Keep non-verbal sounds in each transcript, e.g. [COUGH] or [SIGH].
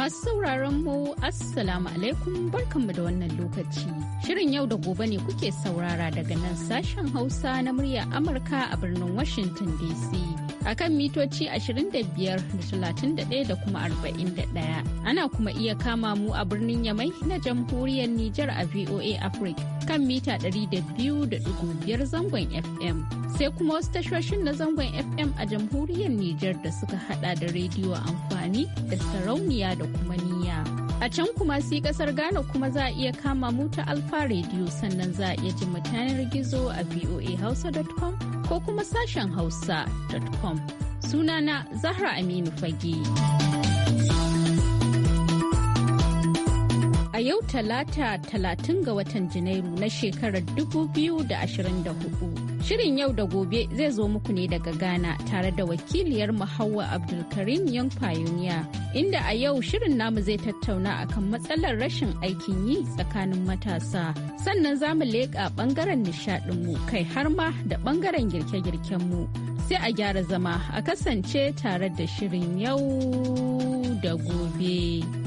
Masu sauraron mu Assalamu alaikum barkanmu da wannan lokaci. Shirin yau da gobe ne kuke saurara daga nan sashen Hausa na murya Amurka a birnin Washington DC. a kan mitoci 25 da da kuma 41. Ana kuma iya kama mu a birnin Yamai na jamhuriyar Nijar a VOA Africa kan mita 200.5 zangon FM. Sai kuma wasu tashoshin na zangon FM a jamhuriyar Nijar da suka hada da rediyo amfani da sarauniya da kuma niyya. A can kuma si kasar Ghana kuma za a iya kama mu ta Alfa Radio sannan za a iya ji mutanen gizo a voahausa.com ko kuma sashen hausa.com. Sunana Zahra Aminu Fage. A yau talata talatin ga watan Janairu na shekarar 2024. Shirin yau da gobe zai zo muku ne daga Ghana tare da wakiliyar Hauwa Abdulkarim Young Pioneer, inda a yau shirin namu zai tattauna akan matsalar rashin aikin yi tsakanin matasa. Sannan za mu leƙa ɓangaren nishaɗinmu kai har ma da ɓangaren girke-girkenmu. Sai a gyara zama a kasance tare da shirin yau da gobe.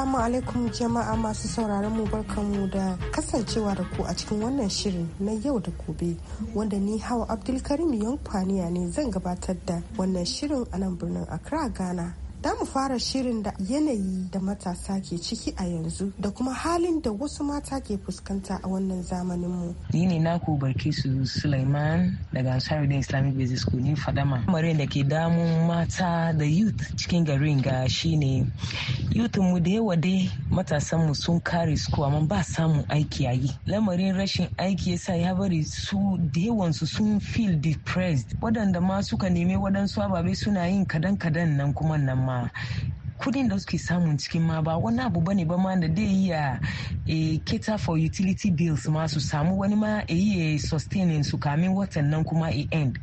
Assalamu alaikum jama'a masu sauraron mu barkanmu da kasancewa da ku a cikin wannan shirin na yau da gobe wanda ni hawa Abdulkarim Yonfaniya ne zan gabatar da wannan shirin a nan birnin Accra Ghana. Za mu fara shirin da yanayi da matasa ke ciki a yanzu da kuma halin da wasu mata ke fuskanta a wannan zamanin mu. Ni ne na naku Barkisu suleiman daga Ansari Islamic Business School ni Fadama. Lamarin da ke damun mata da youth cikin garin ga ne youth mu da yawa dai matasan mu sun kare su amma ba samun aiki a yi. Lamarin rashin aiki ya sa ya bari su da yawan su sun feel depressed. Waɗanda ma suka nemi waɗansu ababe suna yin kadan-kadan nan kuma nan ma kudin da suke samun cikin ma ba wani abu bane ba ma da dai iya eh, cater for utility bills ma su samu wani ma e yi sustaining su kamin watan nan kuma a end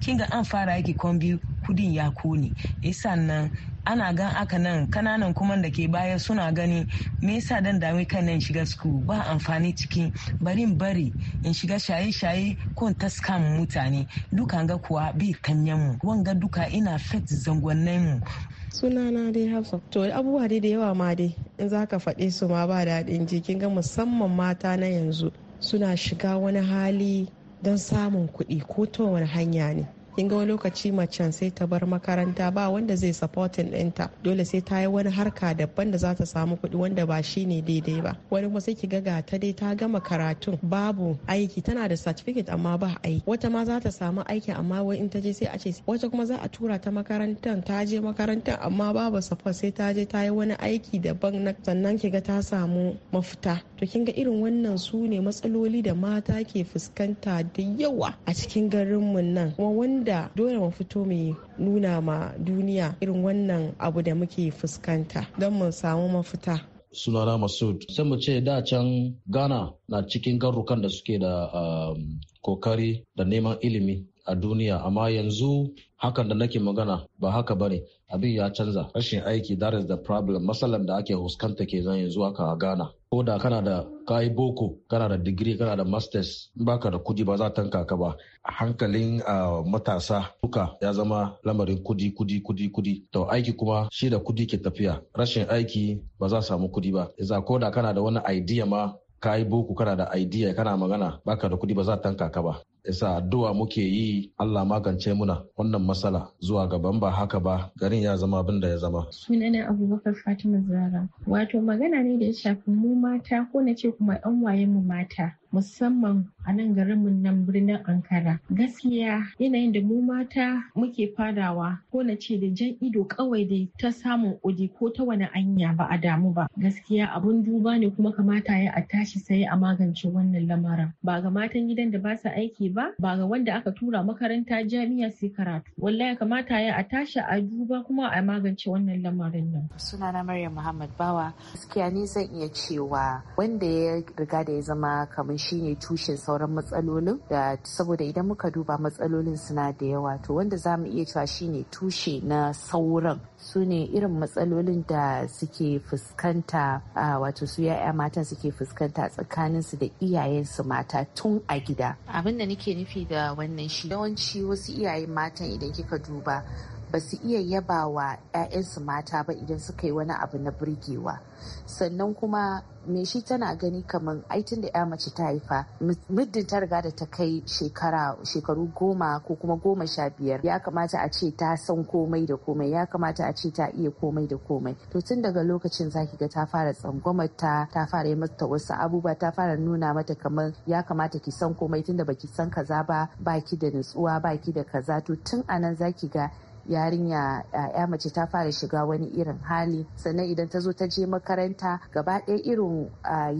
kin ga an fara yake kwambi kudin ya kone isa nan ana gan aka nan kananan kuma da ke baya suna gani me yasa dan dami kan nan shiga school ba amfani cikin barin bari in shiga shaye-shaye ko ta taska mutane duka ga kuwa bi tanyan mu wanga duka ina fet zangonnin mu sunana dai hafsa to abubuwa dai da yawa ma dai in za ka faɗe su ma ba daɗin ji kin ga musamman mata na yanzu suna shiga wani hali don samun kuɗi ko ta wani hanya ne kin ga wani lokaci macen sai ta bar makaranta ba wanda zai supporting ɗinta dole sai ta yi wani harka daban da za ta samu kuɗi wanda ba shi ne daidai ba wani kuma sai ki ga ga ta dai ta gama karatun babu aiki tana da certificate amma ba aiki wata ma za ta samu aiki amma wai in ta je sai a ce wata kuma za a tura ta makarantar ta je makarantar amma babu support sai ta je ta yi wani aiki daban na sannan ki ga ta samu mafita to kin ga irin wannan su ne matsaloli da mata ke fuskanta da yawa a cikin garinmu nan kuma da dole mu fito mu nuna ma duniya irin wannan abu da muke fuskanta don mu samu mafita sunana masud sai mu ce da can ghana na cikin garrukan da suke da um, kokari da neman ilimi a duniya amma yanzu hakan da nake magana ba haka bane abin ya canza rashin aiki that is the problem matsalar da ake huskanta zan yanzu haka a ghana ko da kana da kayi boko kana da digiri kana da masters baka da kudi ba za tanka ka ba hankalin matasa duka ya zama lamarin kudi kudi kudi kudi to aiki kuma shi da kudi ke tafiya rashin aiki ba za samu kudi ba za ko da kana da wani idea ma kayi boko kana da idea kana magana baka da kudi ba za tanka ka ba isa addu'a muke yi Allah magance muna wannan matsala zuwa gaban ba haka ba garin ya zama abin da ya zama. Sunana Abubakar Fatima Zara. Wato magana ne da ya shafi mu mata ko na ce kuma ɗan waye mu mata. musamman a nan garin mu nan birnin Ankara. Gaskiya yanayin da mu mata muke fadawa ko na ce da jan ido kawai da ta samun udi ko ta wani anya ba a damu ba. Gaskiya abun duba ne kuma kamata ya a tashi sai a magance wannan lamarin. Ba ga matan gidan da ba su aiki ba ba ga wanda aka tura makaranta jami'a sai karatu wallahi kamata ya a tashi a duba kuma a magance wannan lamarin nan na maryam muhammad bawa gaskiya ne zan iya cewa wanda ya riga da ya zama kamar shine tushen sauran matsalolin da saboda idan muka duba matsalolin suna da yawa to wanda za mu iya cewa shine tushe na sauran su ne irin matsalolin da suke fuskanta wato su ya'ya matan suke fuskanta tsakaninsu da iyayensu mata tun a gida abin da nake ake nufi da wannan shi yawanci wasu iyaye matan idan kika duba ba su iya yaba wa 'ya'yansu mata ba idan suka yi wani abu na burgewa sannan kuma me shi tana gani kamar aitin da 'ya mace ta haifa muddin ta riga da ta kai shekara shekaru goma ko kuma goma sha biyar ya kamata a ce ta san komai da komai ya kamata a ce ta iya komai da komai to tun daga lokacin zaki ga ta fara tsangwama ta ta fara yi mata wasu abubuwa ta fara nuna mata kamar ya kamata ki san komai tunda baki san kaza ba baki da nutsuwa baki da kaza to tun anan zaki ga yarinya ya mace ta fara shiga wani irin hali sannan idan ta zo ta je makaranta gaba ɗaya irin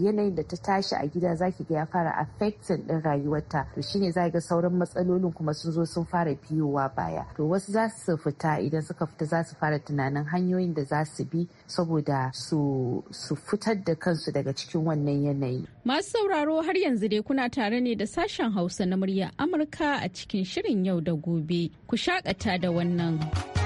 yanayin da ta tashi a gida zaki ga ya fara affecting din rayuwarta to shine za ga sauran matsalolin kuma sun zo sun fara biyowa baya to wasu za su fita idan suka fita za su fara tunanin hanyoyin da za su bi saboda su su fitar da kansu daga cikin wannan yanayi. Masu sauraro har yanzu dai kuna tare ne da sashen Hausa na muryar Amurka a cikin shirin yau da gobe. Ku shakata da wannan.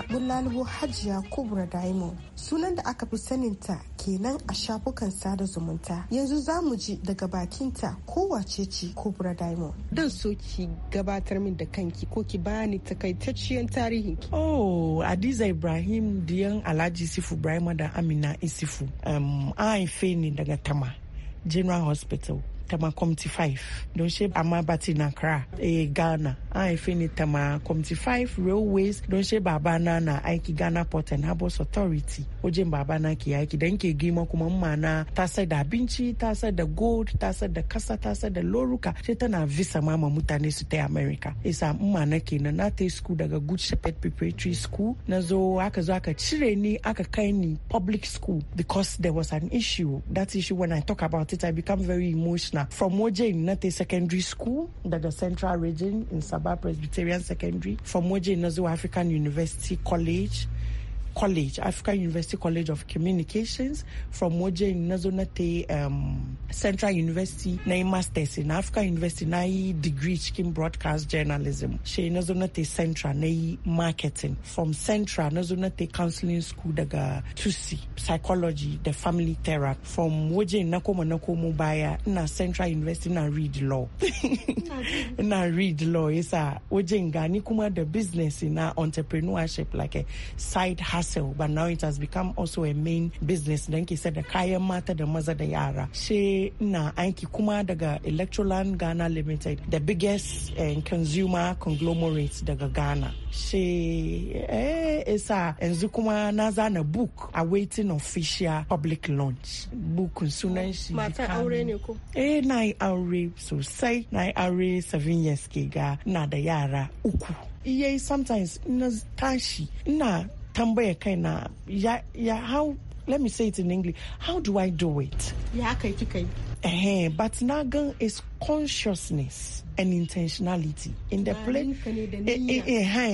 zaɓin lalubo hajiya kubra diamond sunan da aka fi saninta kenan a shafukan sada zumunta yanzu za mu ji daga bakinta kowace ce kubra diamond dan so ki gabatar min da kanki ko ki bani takaitacciyar tarihi oh adiza ibrahim diyan alhaji sifu ibrahim da amina isifu um, an haife ni daga tama general hospital tama committee 5 don amabati na kra e eh, ghana an haife ni tama committee 5 railways don she baba na na aiki ghana port and harbours authority wajen baba na ke aiki dan ke gima kuma mma na ta sai da abinci ta sai da gold ta sai da kasa ta sai da loruka ta tana visa mama mutane su ta america isa mma na ke na te school daga good shepherd preparatory school na zo aka zo aka cire ni aka kai ni public school because there was an issue that issue when i talk about it i become very emotional from waje na secondary school that the central region in sabah presbyterian secondary from waje na african university college college africa university college of communications from Moje, Nazonate um, central university na yi masters in africa university na degree in broadcast journalism She na central na marketing from central Nazonate zo counseling school daga tusi psychology the family therapy from Moje, na koma na baya central university na read law [LAUGHS] na read law yasa Moje gani kuma the business na entrepreneurship like a side hustle hassle but now it has become also a main business don ke da kayan mata da maza da yara she na aiki kuma daga electroland ghana limited the biggest uh, consumer conglomerate daga ghana she eh, isa yanzu kuma na zana book awaiting official public launch book sunan shi mata aure ne ko eh na yi aure sosai na yi aure seven years ke ga na da yara uku iye sometimes na tashi ina tambaya kaina ya ya how let me say it in english how do i do it ya kai kika yi but na gan is consciousness and intentionality in the ah, place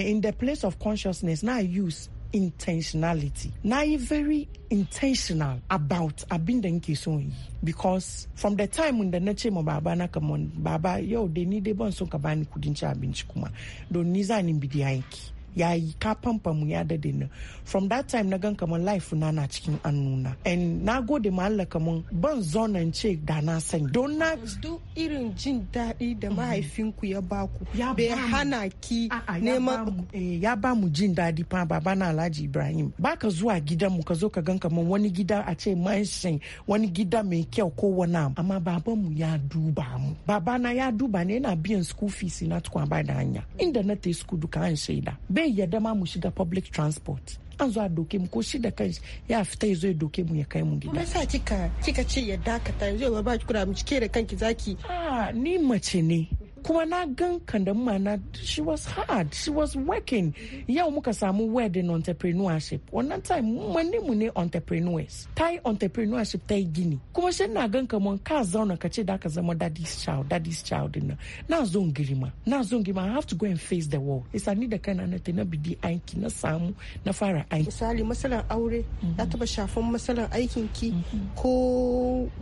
in the place of consciousness now i use intentionality. Now I very intentional about abinda nkisun because from the time when the nature mo baba na come baba yo they need the bon kabani kudincha abinchi kuma don niza ni bidi yanki ya yi ka famfa mu ya dade ni from that time na gan kamar life na na cikin annuna and na gode ma Allah kamar ban zonan ce da na sani don na duk irin jin daɗi da mm. mahaifinku ya baku bai hana ki neman eh, ya ba mu jin daɗi fa baba na Alhaji Ibrahim baka zuwa gidan mu ka zo ka gan kamar wani gida a ce mansion wani gida mai kyau ko wani amma baban mu ya duba mu baba na ya duba ne na biyan school fees na tukwa ba da hanya inda na ta school duka an shaida an yarda ma mu shiga public transport an zo a doke mu ko shi da kanshi ya fita zo ya doke mu ya kai mu gida. Masa kika kika ce ya dakata yanzu ba ki kura mu cike da kanki zaki. Ah ni mace ne kuma na gan kandamma na she was hard she was working yau muka samu wedding entrepreneurship wannan time mani mu ne entrepreneurs ta yi entrepreneurship ta yi gini kuma shi na gan kamar ka zauna ka ce da ka zama daddy's child daddy's child din na zo girma na zo girma i have to go and face the world isa ni da kana na ta na bidi aiki na samu na fara aiki misali masalan aure ya mhm. taba shafan masalan aikin ki mhm. ko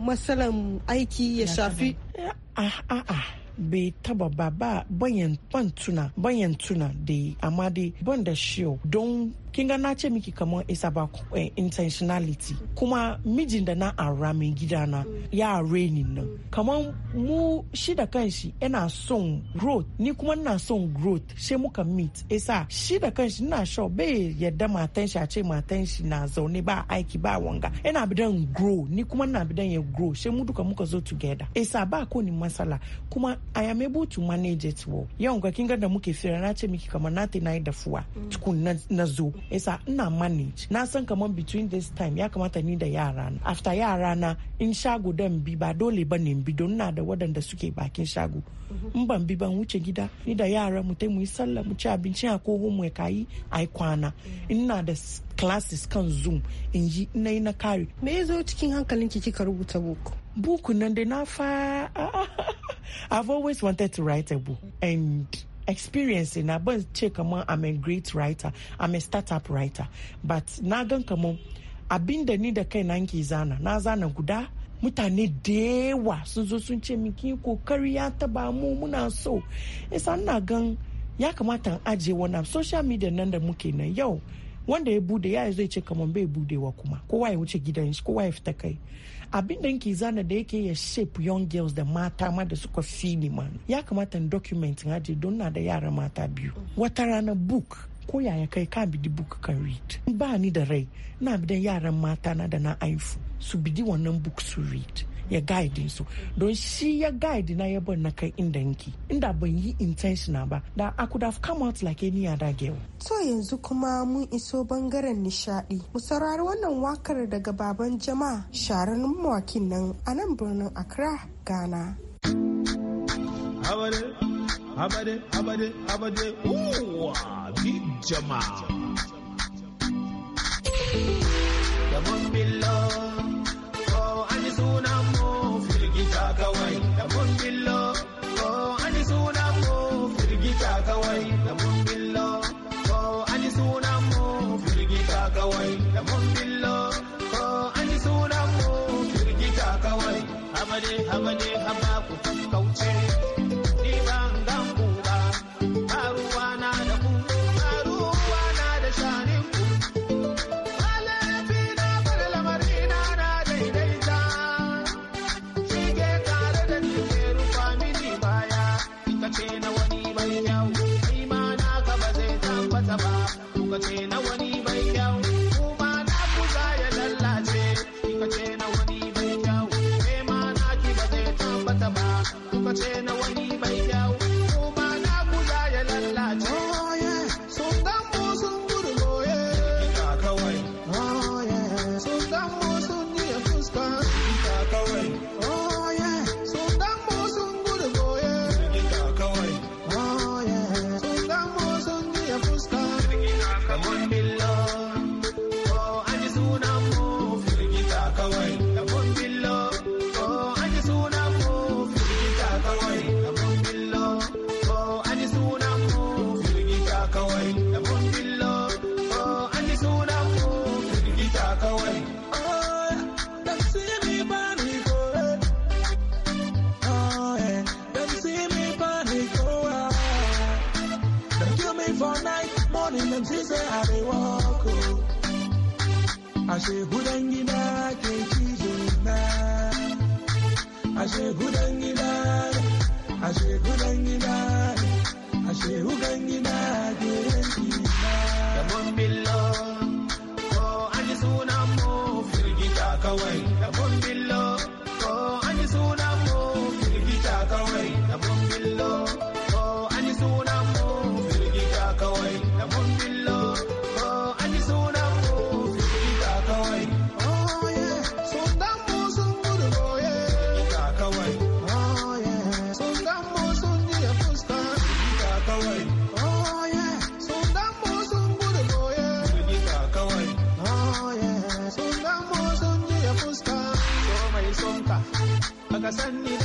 masalan aiki ya shafi a'a bai taba baba ba banyan ban tuna banyan tuna da yi dai ban da don kinga ga na ce miki kamar isa ba eh, intentionality kuma mijin da na ara mai gidana ya renin nan kamar mu shi da kanshi yana e son growth ni kuma na son growth sai muka meet isa shi da kanshi na sha bai yadda matan shi a ce matan shi na zaune ba aiki ba wanga yana e bidan grow ni kuma na bidan ya grow sai mu duka muka zo together isa ba ko ni masala kuma I am able to manage it well. Yau ga da muke fira na ce miki kamar na ta nayi dafuwa mm. tukun na zo. Yasa ina manage. Na san kamar between this time ya kamata ni da yara na. After yara na in shago da bi ba dole ba ne bi don na da waɗanda suke bakin shago. Mm-hmm. In ban bi ban wuce gida ni da yara mu tai mu yi sallah mu ci abincin a koho mu kayi ayi kwana. Mm. Ina da classes kan zoom in yi na yi na kare. Me ya zo cikin hankalinki kika rubuta buku? Buku nan dai na fa ah, ah, ah, I've always wanted to write a book and experiencing na ban ce kamar I'm a great writer, I'm a startup writer. But na gan kamar abin da ni da kai na nke zana, na zana guda mutane da yawa sun zo sun ce miki kokari ya taba mu muna so. Isa na gan ya kamata in ajiye wani social media nan da muke nan yau wanda ya bude ya zai ce kamar bai budewa kuma kowa ya wuce gidan shi kowa ya fita kai abin da yake zana da yake ya shape young girls da mata ma da suka fi ni ma ya kamata in document aje don na da yara mata biyu wata rana book ko yaya kai ka bidi book kan read ba ni da rai na bidan yaran mata na da na aifu su bidi wannan book su read ya guide su don shi ya guide na ya ban na kai inda nki inda ban yi intentional ba da I could have come out like any other girl so yanzu kuma mun iso bangaren nishadi mu wannan wakar daga baban jama'a sharan mawakin nan a nan birnin Accra Ghana uwa, jama'a. Come on, below, oh, But them see say I dey walk oh. I say gudangi na kechi na. I say gudangi na. I say gudangi na. I say gudangi you kechi Come on, billah, oh I just wanna move. Feel the sunamo firgita Come on, billah. sanni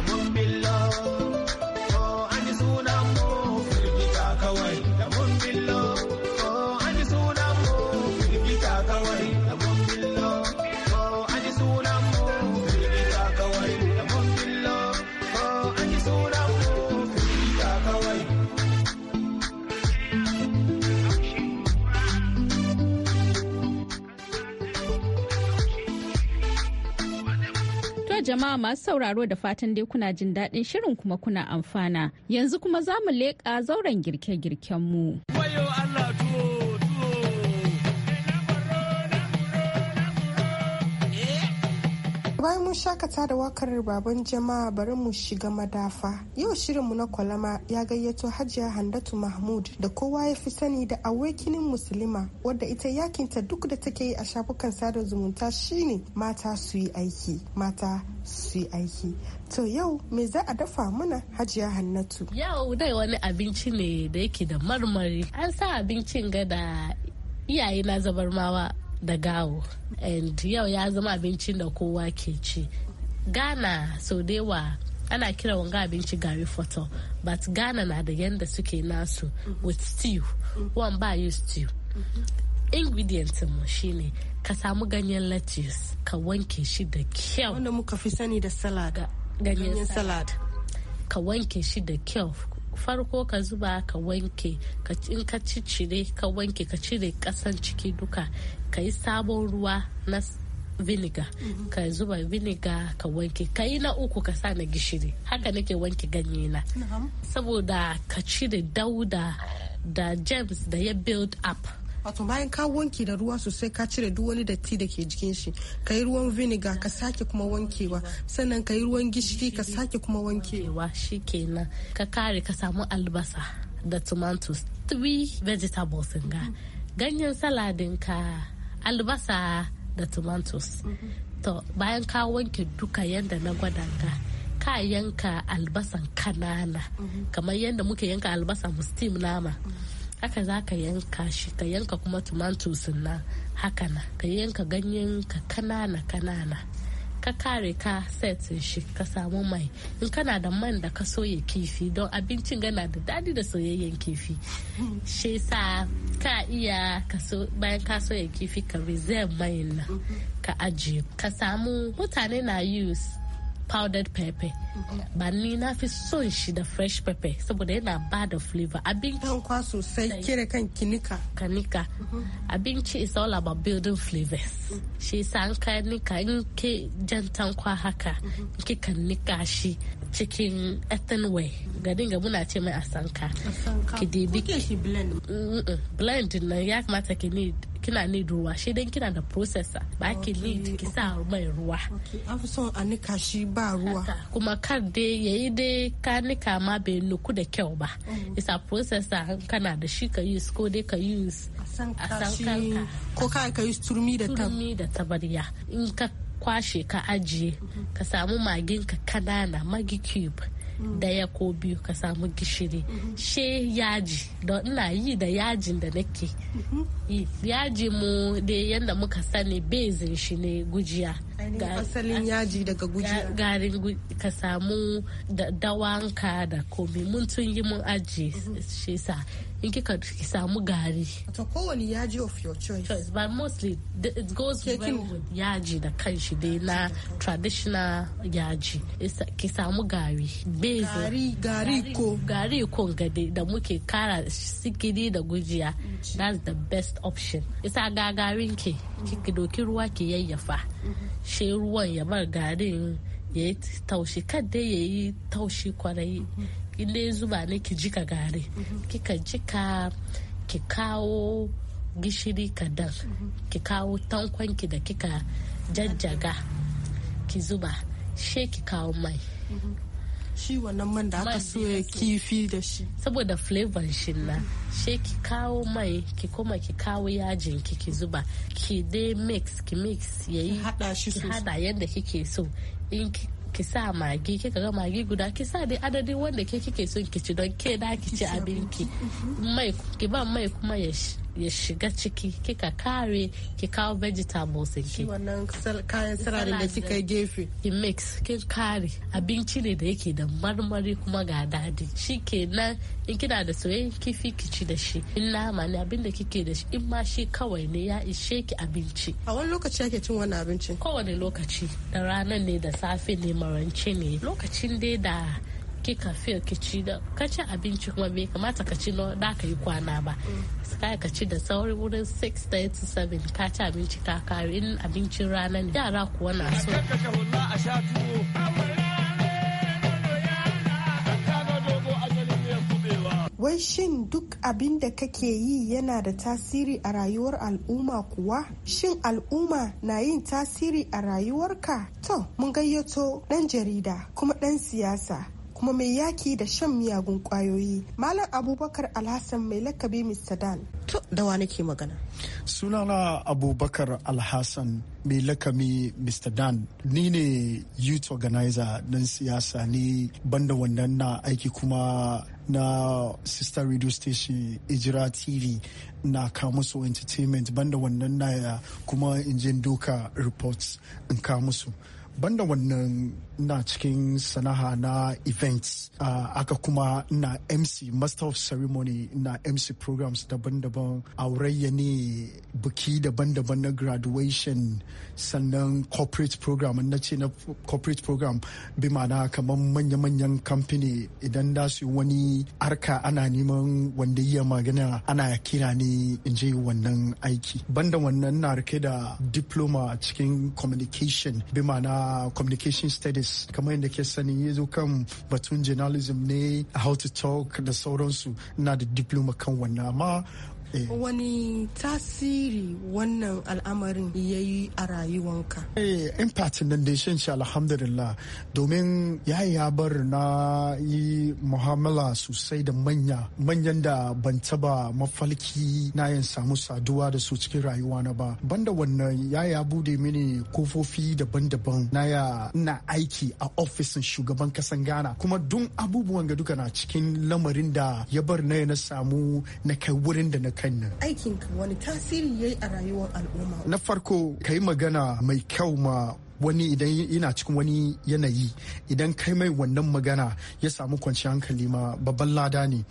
amor me jama'a masu sauraro da fatan dai kuna jin daɗin shirin kuma kuna amfana. Yanzu kuma za mu leƙa zauren girke-girken mu. bayan mun shakata da wakar baban jama'a bari mu shiga madafa yau shirin shirinmu na kwalama ya gayyato hajiya handatu mahmud da kowa ya fi sani da awakening musulma wadda ita yakinta duk da take yi a shafukan sada zumunta shine mata su yi aiki mata su yi aiki to yau me za a dafa mana hajiya hannatu yau dai wani abinci ne da yake da marmari an sa abincin ga da iyaye na zabarmawa da gawo and yau ya zama abincin da kowa ke ci ghana sau da yawa ana kira wanga abinci gari foto but ghana na da yanda suke nasu with stew one ba yi stew ingredient mu shine ka samu ganyen lettuce ka wanke shi da kyau wanda muka fi sani da salad ganyen salad ka wanke shi da kyau farko ka zuba ka wanke in ka ciccire ka wanke ka cire kasan ciki duka ka yi sabon ruwa na vinegar mhm. ka zuba vinegar ka wanke ka yi na uku ka sa na gishiri haka nake wanke ganye na saboda ka cire dauda da james da ya build up wato bayan ka wanke da ruwa sosai ka cire duk wani datti da ke jikin shi ka yi ruwan vinegar ka sake kuma wankewa sannan ka yi ruwan gishiri ka sake kuma wankewa shikenan ka kare ka samu albasa da tomatoes three vegetables ga ganyen saladin ka albasa da tomatoes to bayan ka wanke duka yadda na gwada ka ka yanka albasan kanana kamar yadda muke yanka albasa mu steam nama mm haka za ka yanka shi ka yanka kuma tomatoes na haka na ka yanka ganyen ka kanana kanana ka kare ka set shi ka samu mai in kana da man da ka soya kifi don abincin gana da dadi da soyayyen kifi shi sa ka iya bayan ka soya kifi ka reserve mai na ka ajiye ka samu mutane na use powdered pepper mm-hmm. ba ni na fi son shi da fresh pepper saboda yana ba da flavor abinci dan kwa sosai kire kan kinika kanika mm-hmm. abinci is all about building flavors mm-hmm. shi yasa an ka nika in ke jan tankwa haka ki kan nika shi cikin ethanol ga dinga muna ce mai asanka ki dibi blend na ya kamata ki need kina ne ruwa shi dan kina da processor ba ki need ki sa mai ruwa an fi son a nika shi ba ruwa kuma kar dai yayi dai ka nika ma bai nuku da kyau ba mm. isa processor kana da shi ka use ko dai ka use a san kanka ko ka ka use turmi da turmi da tabarya in ka kwashe ka ajiye mm-hmm. ka samu ka kanana magi cube daya ko biyu ka samu gishiri she yaji don ina yi da yajin da nake mhm. yaji mu da yadda muka sani bezin shi ne gujiya asalin yaji daga guji garin ka samu da dawanka da komi mun tun yi mun aji mhm. shi sa in kika samu gari to wani yaji of your choice choice but mostly it goes well with yaji da kanshi dai na traditional yaji ki samu gari gari gari ko gari ko gade da muke kara sikiri da gujiya that's the best option isa gagarin ki ki doki ruwa ki yayyafa mhm. shi ruwan ya bar garin ya yi taushi kan dai ya yi taushi kwarai ile zuba ne ki jika gari kika jika ki kawo gishiri kadar ki kawo tankwanki da kika jajjaga ki zuba she ki kawo mai shi wannan man da aka soya kifi da shi saboda flavor shi na she ki kawo mai ki kuma ki kawo yajin ki ki zuba ki dai mix ki mix yayi hada shi ki hada yadda kike so in ki sa magi kika ga magi guda ki sa dai adadin wanda ke kike so ki ci don ke da ki ci abinki mai ki ba mai kuma ya ya shiga ciki kika kare ki kawo vegetables ki wannan kayan sirari da kika gefe ki mix ki kare abinci ne da yake da marmari kuma ga dadi shikenan in kina da soyayyen kifi ki ci da shi in nama ne abin da kike da shi in ma shi kawai ne ya ishe ki abinci a wani lokaci ake cin wannan abincin kowane lokaci da ranar ne da safe ne marance ne lokacin dai da ki kan feel ci da ka ci abinci kuma bai kamata ka ci da ka yi kwana ba kai ka ci da sauri wurin 6:37 ka ci abinci ka kare in abincin rana ne yara kuwa na so wai shin duk abin da kake yi yana da tasiri a rayuwar al'umma kuwa shin al'umma na yin tasiri a rayuwarka to mun gayyato ɗan jarida kuma ɗan siyasa kuma mai yaki da shan miyagun kwayoyi malam abubakar alhassan mai lakabi mr dan to da wa nake magana sunana abubakar alhassan mai lakami mr dan ni ne youth organizer dan siyasa ni banda wannan na aiki kuma na sister radio station ijira tv na kamusu entertainment banda wannan na kuma injin doka reports in kamusu banda wannan N'a cikin sanaha na events aka kuma na mc master of ceremony na mc programs daban-daban aurayya ne buki daban-daban na graduation sannan corporate program na ce na corporate program bi mana kamar manya-manyan kamfani idan da su wani arka ana neman wanda iya magana ana kira ne in je wannan aiki banda wannan na rike da diploma cikin communication bi mana communication studies kamar yadda ke sani ya zo kan batun journalism ne how to talk da sauransu na da diploma kan wannan amma Eh. wani tasiri wannan al'amarin ya yi a rayuwanka eh impact nan da shi alhamdulillah domin ya ya bar na yi muhammala sosai da manya manyan da ban taba mafalki na yin samu saduwa da su cikin rayuwa na ba banda wannan ya ya bude mini kofofi daban-daban na ya na aiki a ofisin shugaban kasan ghana kuma dun abubuwan ga duka na cikin lamarin da ya bar na na samu na kai wurin da na kan nan aikinka wani tasiri ya yi a rayuwar al'umma na farko ka yi magana mai kyau ma wani idan ina cikin wani yanayi idan kai mai wannan magana ya samu kwanciyar hankali ma babban lada ne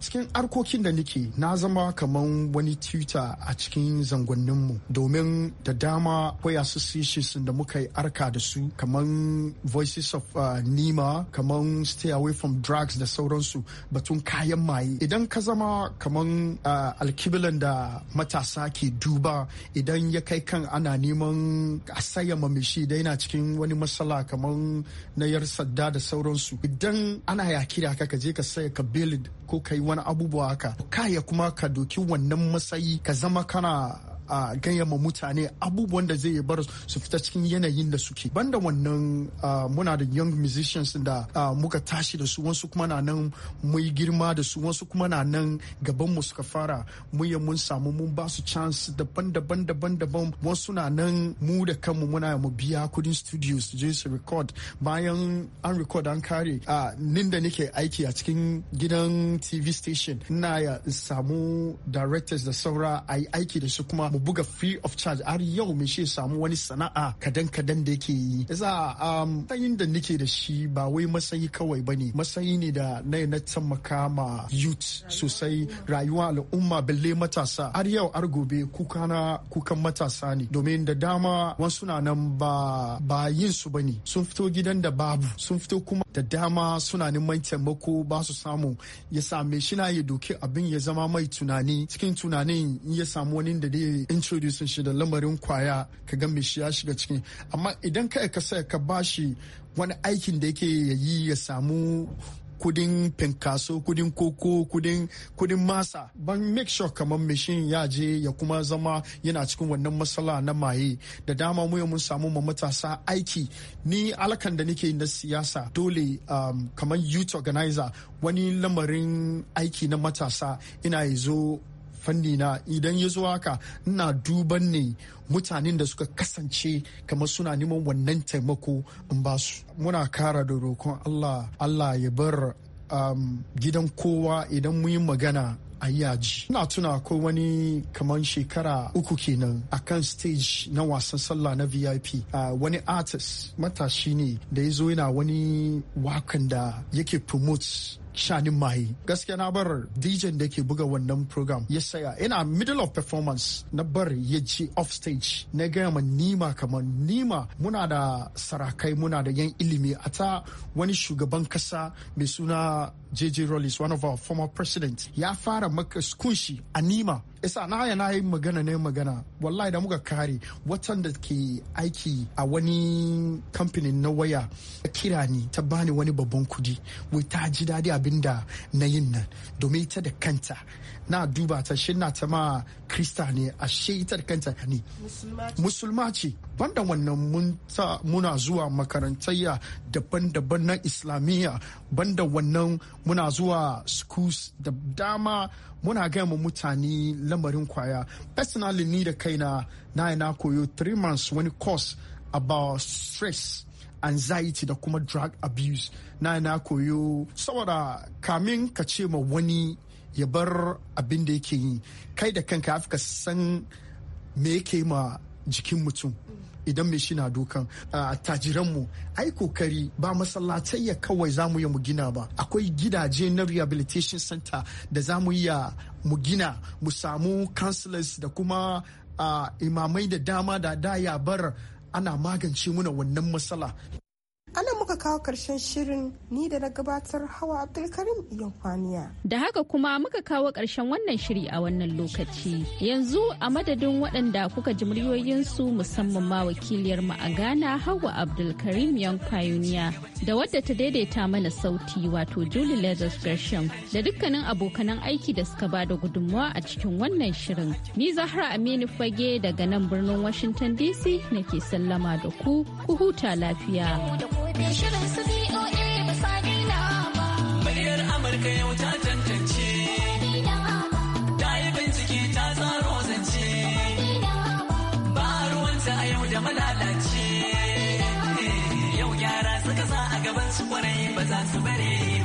cikin arkokin da nake na zama kaman wani Twitter a cikin zangonninmu domin da dama akwai associations da muka yi arka da su kaman voices of uh, nima kaman stay away from drugs da sauransu batun kayan maye idan ka zama kaman uh, alkibilan da matasa ke duba idan ya kai kan ana neman a saya mamishi da yana cikin wani matsala kaman na yar sadda da sauransu idan ana yaki da ka je ka saya ka bilid ko ka wani abubuwa haka ka ya kuma ka doki wannan matsayi ka zama kana a gaya ma mutane abubuwan da zai bar su fita cikin yanayin da suke banda wannan muna da young musicians da muka tashi da su wasu kuma na nan mu girma da su wasu kuma na nan gaban mu suka fara muya mun samu mun ba su chance daban-daban daban-daban wasu na nan mu da kanmu muna mu biya kudin studios su je su record bayan an record an kare a nin da nake aiki a cikin gidan tv station ina ya samu directors da saura a yi aiki da su kuma mu buga free of charge har yau me shi samu wani sana'a kadan kadan da yake yi yasa tayin um, da nake da shi ba wai masayi kawai bane masayi ne da na na taimaka ma youth sosai rayuwa al'umma balle matasa har yau har gobe kuka na kukan matasa ne domin da dama wasu na nan ba ba yin su bane sun fito gidan da babu sun fito kuma da dama suna neman taimako ba su samu ya same shi na ya doke abin ya zama mai tunani cikin tunanin ya samu wani da zai introducing shi da lamarin kwaya ka ga mai shi ya shiga cikin amma idan kai ka sa ka bashi wani aikin da yake yi ya samu kudin pinkaso kudin koko kudin kudin masa ban make sure kamar mishin ya je ya kuma zama yana cikin wannan matsala na maye da dama mu mun samu ma matasa aiki ni alakan da nake na siyasa dole um, kamar youth organizer wani lamarin aiki na matasa ina zo fanni na idan ya zo haka ina duban ne mutanen da suka kasance kamar suna neman wannan taimako in ba su muna kara da roƙon allah allah ya bar um, gidan kowa idan mun yi magana a yaji na tuna ko wani kamar shekara uku kenan a kan stage na wasan sallah na vip uh, wani artist matashi ne da ya zo yana wani wakan da yake promote shanin mahi gaskiya na bar dj da ke buga wannan program ya saya ina middle of performance na bar ya ji off stage na gaya ma nima kamar nima muna da sarakai muna da yan ilimi a ta wani shugaban kasa mai suna J.J. Rollins, one of our former president, ya fara maka kunshi a nima. Isa na haya na yi magana yi magana. Wallahi da muka kare da ke aiki a wani kamfanin na waya kira ni ta bani wani babban kudi. Wai ta ji daɗi abin da na yin nan domin ita da kanta. Na duba ta shi na ta ma krista ne ashe ita kanta ne musulma ce banda wannan muna zuwa makarantayya daban-daban na islamiyya banda wannan muna zuwa schools da dama muna gaya ma mutane lamarin kwaya personally ni da kaina na na koyo three months wani course about stress anxiety da kuma drug abuse na na koyo saboda kamin ka ce ma wani ya bar abin da yake yi kai da kanka ka san me yake ma jikin mutum idan mai shi na dukan tajiranmu ai kokari ba ya kawai za mu yi mu gina ba akwai gidaje na rehabilitation center da za mu iya mu gina mu samu counselors da kuma imamai da dama da da ya bar ana magance muna wannan matsala muka kawo ƙarshen shirin ni da na gabatar hawa Abdulkarim Yankwaniya. Da haka kuma muka kawo karshen wannan shiri a wannan lokaci. Yanzu a madadin waɗanda kuka ji muryoyinsu musamman ma wakiliyar mu a Ghana Hawa Abdulkarim Yankwaniya da wadda ta daidaita mana sauti wato Julie Lazarus Gresham da dukkanin abokanan aiki da suka bada gudunmawa a cikin wannan shirin. Ni Zahra Aminu Fage daga nan birnin Washington DC nake sallama da ku, ku huta lafiya. Shirin su BOA ba sa daina ba. Muryar Amurka yau ta tantance. Ta yi bincike ta tsaro zance. Ba ruwanta a yau da malalace. Yau gyara suka sa a gaban su kwarai ba za su bare.